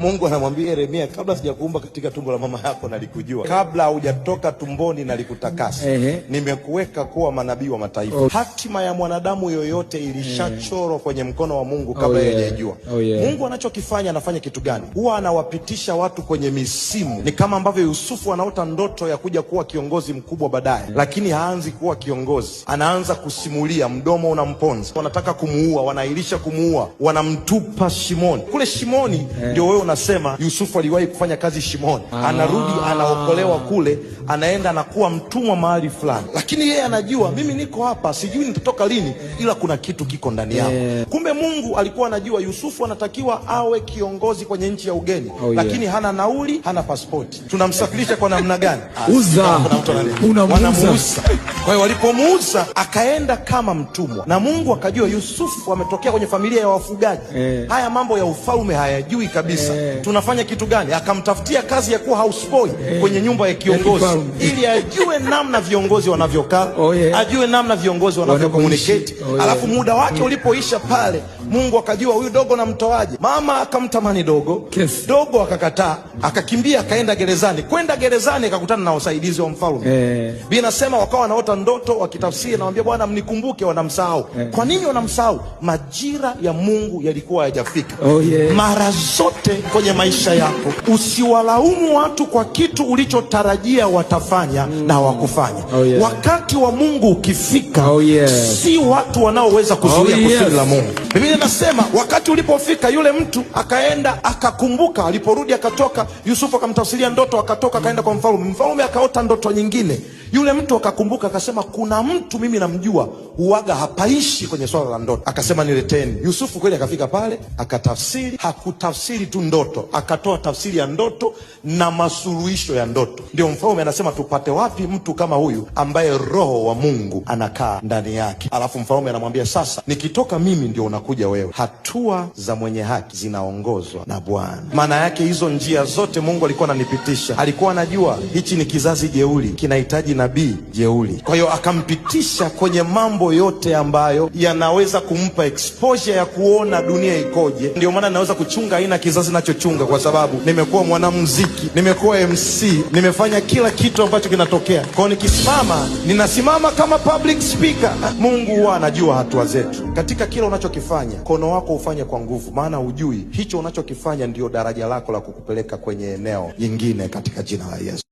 Mungu anamwambia Yeremia, kabla sijakuumba katika tumbo la mama yako nalikujua, kabla hujatoka tumboni nalikutakasa, nimekuweka kuwa manabii wa mataifa. Oh. Hatima ya mwanadamu yoyote ilishachorwa eh. kwenye mkono wa Mungu oh, kabla hajajua. yeah. Oh, yeah. Mungu anachokifanya anafanya kitu gani? Huwa anawapitisha watu kwenye misimu. Ni kama ambavyo Yusufu anaota ndoto ya kuja kuwa kiongozi mkubwa baadaye, eh. lakini haanzi kuwa kiongozi, anaanza kusimulia, mdomo unamponza, wanataka kumuua, wanailisha kumuua, wanamtupa shimoni. Kule shimoni eh. ndio wewe nasema Yusufu aliwahi kufanya kazi Shimoni, ah. anarudi anaokolewa kule, anaenda anakuwa mtumwa mahali fulani, lakini yeye anajua mimi niko hapa, sijui nitatoka lini, ila kuna kitu kiko ndani yangu yeah. Kumbe Mungu alikuwa anajua Yusufu anatakiwa awe kiongozi kwenye nchi ya ugeni oh, yeah. Lakini hana nauli, hana pasipoti, tunamsafirisha kwa namna gani? Uza, unamuuza kwa hiyo walipomuuza akaenda kama mtumwa, na Mungu akajua Yusufu ametokea kwenye familia ya wafugaji eh. Haya mambo ya ufalme hayajui kabisa eh. Tunafanya kitu gani? Akamtafutia kazi ya kuwa houseboy eh, kwenye nyumba ya kiongozi ili ajue namna viongozi wanavyokaa oh, yeah. Ajue namna viongozi wanavyokomuniketi oh, yeah. Alafu muda wake ulipoisha pale, Mungu akajua huyu dogo namtoaje. Mama akamtamani dogo yes. Dogo akakataa akakimbia akaenda gerezani. Kwenda gerezani akakutana na wasaidizi wa mfalme eh. Binasema wakawa wanaota wanapata ndoto wakitafsiri, namwambia Bwana, mnikumbuke, wanamsahau. Eh. Kwa nini wanamsahau? Majira ya Mungu yalikuwa hayajafika. Oh, yes. Mara zote kwenye maisha yako usiwalaumu watu kwa kitu ulichotarajia watafanya mm. na wakufanya Oh, yes. Wakati wa Mungu ukifika, oh, yes. si watu wanaoweza kuzuia oh, yes. kusudi la Mungu. Biblia inasema wakati ulipofika, yule mtu akaenda akakumbuka, aliporudi akatoka, Yusufu akamtafsiria ndoto, akatoka akaenda kwa mfalme. Mfalme akaota ndoto nyingine, yule mtu akakumbuka akasema kuna mtu mimi namjua huaga hapaishi kwenye swala la ndoto, akasema nileteni. Yusufu kweli akafika pale akatafsiri, hakutafsiri tu ndoto, akatoa tafsiri ya ndoto na masuluhisho ya ndoto. Ndio mfalme anasema tupate wapi mtu kama huyu ambaye roho wa Mungu anakaa ndani yake? Alafu mfalme anamwambia sasa, nikitoka mimi ndio unakuja wewe. Hatua za mwenye haki zinaongozwa na Bwana. Maana yake hizo njia zote Mungu alikuwa ananipitisha, alikuwa anajua hichi ni kizazi jeuli kinahitaji nabii jeuli. Kwa hiyo akampitisha kwenye mambo yote ambayo yanaweza kumpa exposure ya kuona dunia ikoje. Ndio maana naweza kuchunga aina kizazi nachochunga, kwa sababu nimekuwa mwanamuziki, nimekuwa MC, nimefanya kila kitu ambacho kinatokea. Kwa hiyo nikisimama, ninasimama kama public speaker. Mungu huwa anajua hatua zetu katika kila unachokifanya. Mkono wako ufanye kwa nguvu, maana hujui hicho unachokifanya ndio daraja lako la kukupeleka kwenye eneo jingine, katika jina la Yesu.